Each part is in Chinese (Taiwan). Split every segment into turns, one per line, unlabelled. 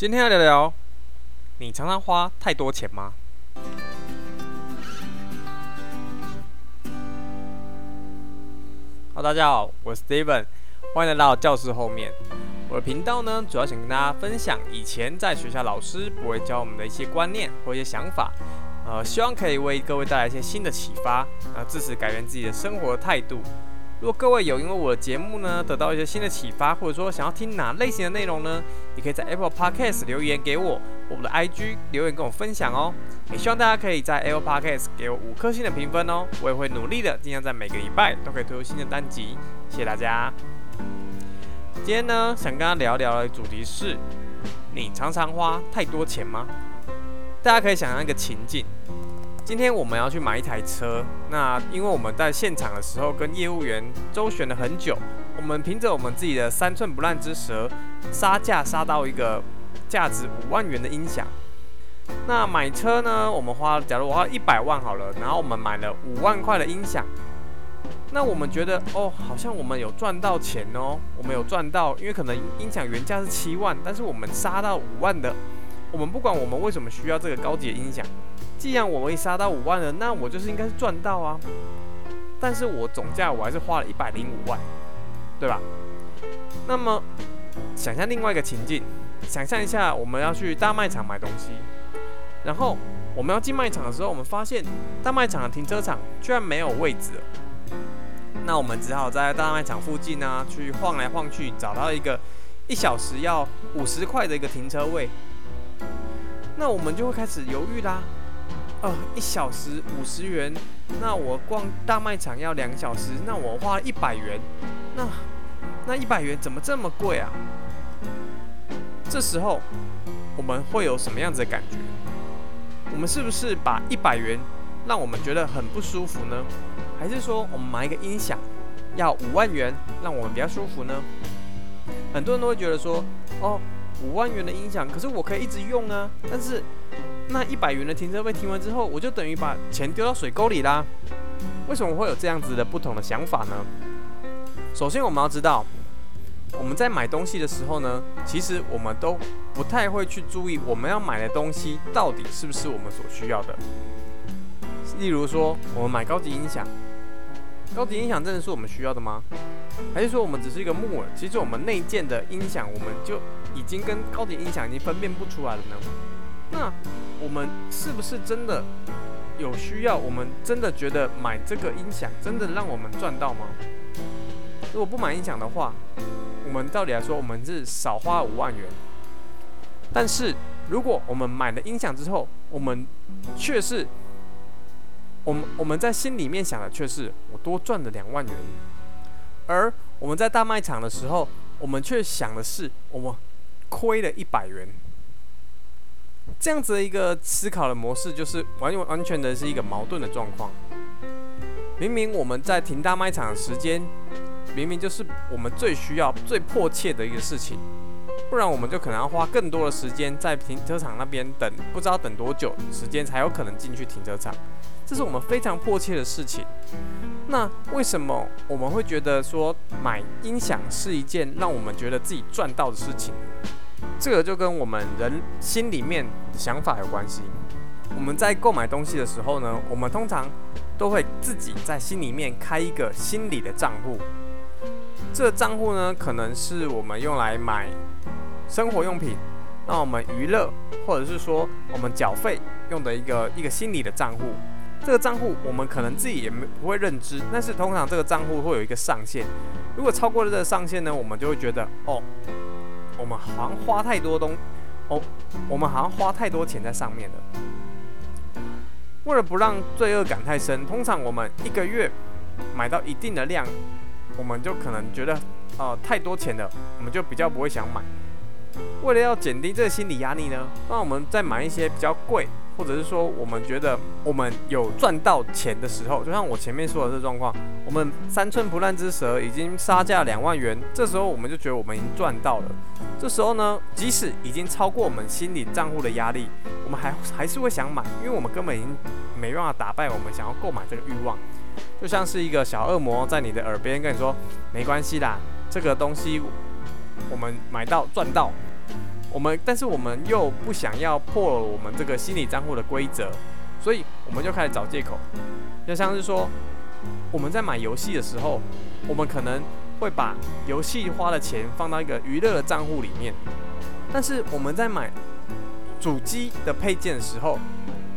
今天來聊聊，你常常花太多錢嗎？哈囉，大家好，我是 Steven，歡迎來到教室後面。我的頻道呢，主要想跟大家分享以前在學校老師不會教我們的一些觀念或一些想法，呃，希望可以為各位帶來一些新的啟發，啊，支持改變自己的生活的態度。如果各位有因為我的節目呢，得到一些新的啟發，或者說想要聽哪類型的內容呢，你可以在 Apple Podcast 留言給我，我的 IG 留言跟我分享哦。也、欸，希望大家可以在 Apple Podcast 給我五顆星的評分哦，我也會努力的，儘量在每個禮拜都可以推出新的單集。謝謝大家。今天呢，想跟大家聊一聊的主題是：你常常花太多錢嗎？大家可以想象一個情景。今天我們要去買一台車，那因為我們在現場的時候跟業務員周旋了很久，我們憑着我們自己的三寸不爛之舌，殺價殺到一個價值五萬元的音響。那買車呢，我們花，假如我花一百萬好了，然後我們買了五萬塊的音響，那我們覺得哦，好像我們有賺到錢哦，我們有賺到，因為可能音響原價是七萬，但是我們殺到五萬的，我們不管我們為什麼需要這個高級的音響。既然我已殺到五萬了，那我就是應該是賺到啊。但是我總價我還是花了一百零五萬，對吧？那麼想象另外一個情境，想象一下我們要去大賣場買東西，然後我們要進賣場的時候，我們發現大賣場的停車場居然沒有位置了。那我們只好在大賣場附近呢、啊、去晃來晃去，找到一個一小時要五十塊的一個停車位。那我們就會開始猶豫啦。呃，一小時五十元，那我逛大賣場要兩小時，那我花了一百元，那那一百元怎麼這麼貴啊？這時候我們會有什麼樣子的感覺？我們是不是把一百元讓我們覺得很不舒服呢？還是說我們買一個音響要五萬元讓我們比較舒服呢？很多人都會覺得說，哦，五萬元的音響，可是我可以一直用啊，但是。那一百元的停車費停完之後，我就等於把錢丟到水溝裡啦。為什麼會有這樣子的不同的想法呢？首先我們要知道，我們在買東西的時候呢，其實我們都不太會去注意我們要買的東西到底是不是我們所需要的。例如說，我們買高級音響，高級音響真的是我們需要的嗎？還是說我們只是一個木耳？其實我們內建的音響，我們就已經跟高級音響已經分辨不出來了呢。那。我們是不是真的有需要？我們真的覺得買這個音響真的讓我們賺到嗎？如果不買音響的話，我們照理來說我們是少花五萬元。但是如果我們買了音響之後，我們卻是，我們我們在心裡面想的卻是我多賺了兩萬元。而我們在大賣場的時候，我們卻想的是我們虧了一百元。這樣子的一個思考的模式，就是完完全全的是一個矛盾的狀況。明明我們在停大賣場的時間，明明就是我們最需要、最迫切的一個事情，不然我們就可能要花更多的時間在停車場那邊等，不知道等多久時間才有可能進去停車場。這是我們非常迫切的事情。那為什麼我們會覺得說買音響是一件讓我們覺得自己賺到的事情？這個就跟我們人心裡面想法有關係。我們在購買東西的時候呢，我們通常都會自己在心裡面開一個心理的賬戶。這個賬戶呢，可能是我們用來買生活用品，那我們娛樂，或者是說我們繳費用的一個一個心理的賬戶。這個賬戶我們可能自己也不會認知，但是通常這個賬戶會有一個上限。如果超過了這個上限呢，我們就會覺得哦。我們好像花太多東哦，oh, 我們好像花太多錢在上面了。為了不讓罪惡感太深，通常我們一個月買到一定的量，我們就可能覺得哦、呃、太多錢了，我們就比較不會想買。為了要減低這個心理壓力呢，那我們再買一些比較貴。或者是說，我們覺得我們有賺到錢的時候，就像我前面說的這狀況，我們三寸不爛之舌已經殺價兩萬元，這時候我們就覺得我們已經賺到了。這時候呢，即使已經超過我們心理賬戶的壓力，我們還還是會想買，因為我們根本已經沒辦法打敗我們想要購買這個慾望，就像是一個小惡魔在你的耳邊跟你說：“沒關係啦，這個東西我們買到賺到。”我們，但是我們又不想要破了我們這個心理賬戶的規則，所以我們就開始找借口，就像是說，我們在買遊戲的時候，我們可能會把遊戲花的錢放到一個娛樂的賬戶裡面，但是我們在買主機的配件的時候，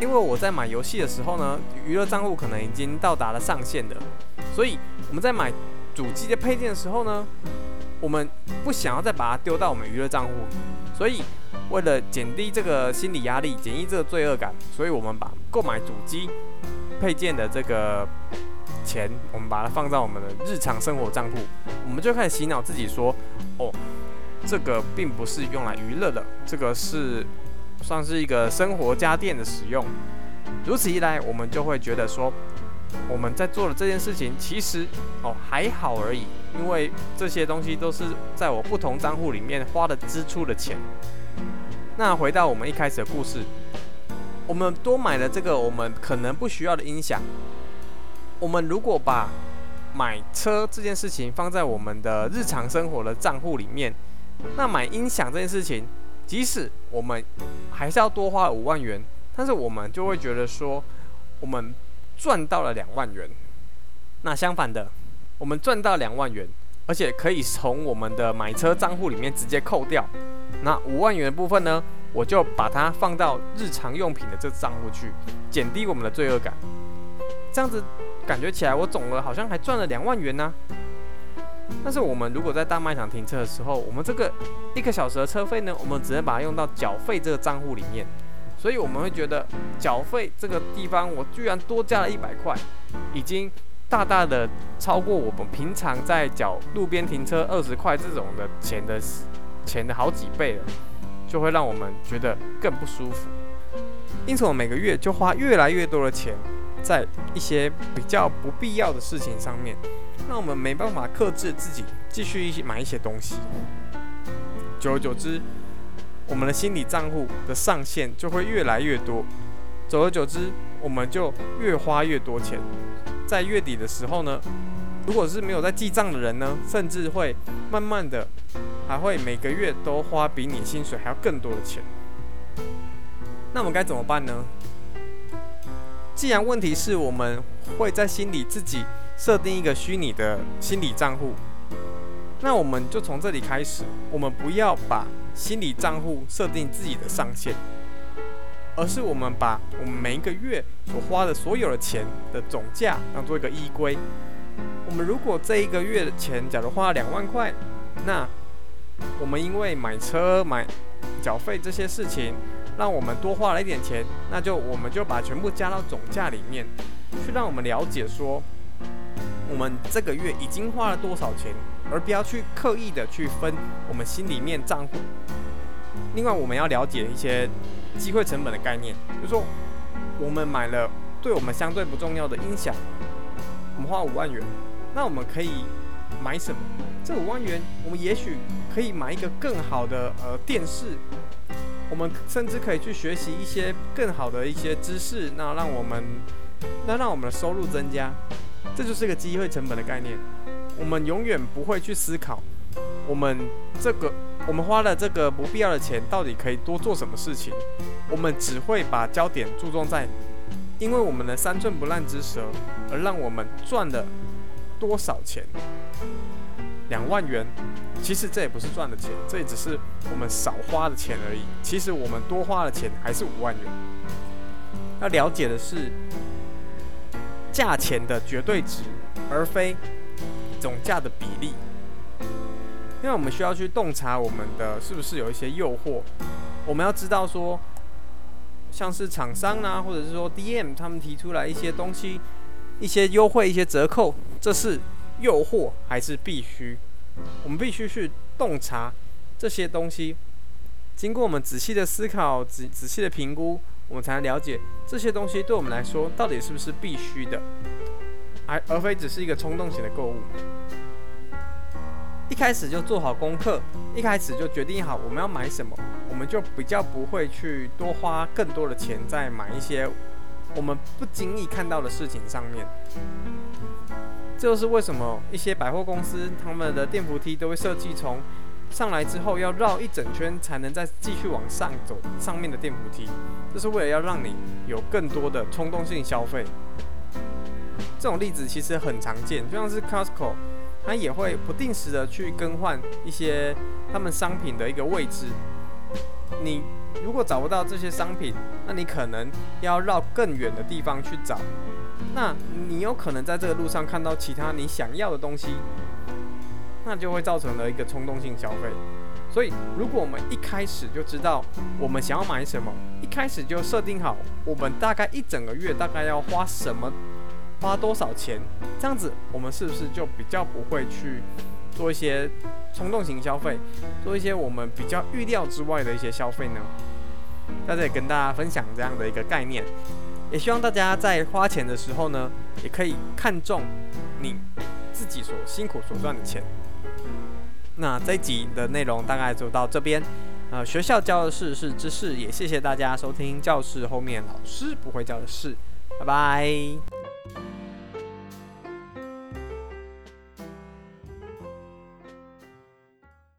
因為我在買遊戲的時候呢，娛樂賬戶可能已經到達了上限的，所以我們在買主機的配件的時候呢，我們不想要再把它丟到我們娛樂賬戶。所以，為了減低這個心理壓力，減低這個罪惡感，所以我們把購買主機配件的這個錢，我們把它放在我們的日常生活賬戶，我們就開始洗腦自己說，哦，這個並不是用來娛樂的，這個是算是一個生活家電的使用。如此一來，我們就會覺得說，我們在做的這件事情，其實哦還好而已。因為這些東西都是在我不同賬戶裡面花的支出的錢。那回到我們一開始的故事，我們多買了這個我們可能不需要的音響。我們如果把買車這件事情放在我們的日常生活的賬戶裡面，那買音響這件事情，即使我們還是要多花五萬元，但是我們就會覺得說，我們賺到了兩萬元。那相反的。我們賺到兩萬元，而且可以從我們的買車賬戶裡面直接扣掉。那五萬元的部分呢，我就把它放到日常用品的這個賬戶去，減低我們的罪惡感。這樣子感覺起來，我總額好像還賺了兩萬元呢、啊。但是我們如果在大賣場停車的時候，我們這個一個小時的車費呢，我們只能把它用到繳費這個賬戶裡面。所以我們會覺得繳費這個地方，我居然多加了一百塊，已經。大大的超過我們平常在繳路邊停車二十塊這種的錢的錢的好幾倍了，就會讓我們覺得更不舒服。因此，我每個月就花越來越多的錢在一些比較不必要的事情上面，讓我們沒辦法克制自己繼續買一些東西。嗯，久而久之，我們的心理賬戶的上限就會越來越多。久而久之，我們就越花越多錢。在月底的時候呢，如果是沒有在記賬的人呢，甚至會慢慢的，還會每個月都花比你薪水還要更多的錢。那我們該怎麼辦呢？既然問題是我們會在心裡自己設定一個虛擬的心理賬戶，那我們就從這裡開始，我們不要把心理賬戶設定自己的上限。而是我們把我們每一個月所花的所有的錢的總價當做一個依歸。我們如果這一個月的錢，假如花了兩萬塊，那我們因為買車、買繳費這些事情，讓我們多花了一點錢，那就我們就把全部加到總價裡面去，讓我們了解說，我們這個月已經花了多少錢，而不要去刻意的去分我們心裡面賬戶。另外，我們要了解一些。機會成本的概念，就是說，我們買了對我們相對不重要的音響，我們花五萬元，那我們可以買什麼？這五萬元，我們也許可以買一個更好的呃電視，我們甚至可以去學習一些更好的一些知識，那讓我們，那讓我們的收入增加，這就是一個機會成本的概念。我們永遠不會去思考，我們這個。我們花了這個不必要的錢，到底可以多做什麼事情？我們只會把焦點注重在，因為我們的三寸不爛之舌而讓我們賺了多少錢？兩萬元，其實這也不是賺的錢，這也只是我們少花的錢而已。其實我們多花的錢還是五萬元。要了解的是，價錢的絕對值，而非總價的比例。因為我們需要去洞察我們的是不是有一些誘惑，我們要知道說，像是廠商啊或者是說 DM 他們提出來一些東西，一些優惠、一些折扣，這是誘惑還是必須？我們必須去洞察這些東西，經過我們仔細的思考、仔仔細的評估，我們才能了解這些東西對我們來說到底是不是必須的，而而非只是一個衝動型的購物。一開始就做好功課，一開始就決定好我們要買什麼，我們就比較不會去多花更多的錢在買一些我們不經意看到的事情上面。這就是為什麼一些百貨公司他們的電扶梯都會設計從上來之後要繞一整圈才能再繼續往上走上面的電扶梯，這是為了要讓你有更多的衝動性消費。這種例子其實很常見，就像是 Costco。它也會不定時的去更換一些他們商品的一個位置。你如果找不到這些商品，那你可能要繞更遠的地方去找。那你有可能在這個路上看到其他你想要的東西，那就會造成了一個衝動性消費。所以，如果我們一開始就知道我們想要買什麼，一開始就設定好我們大概一整個月大概要花什麼。花多少錢？這樣子，我們是不是就比較不會去做一些衝動型消費，做一些我們比較預料之外的一些消費呢？在這裡跟大家分享這樣的一個概念，也希望大家在花錢的時候呢，也可以看重你自己所辛苦所賺的錢。那這一集的內容大概就到這邊。啊、呃。學校教的事是知識，也謝謝大家收聽。教室後面老師不會教的事，拜拜。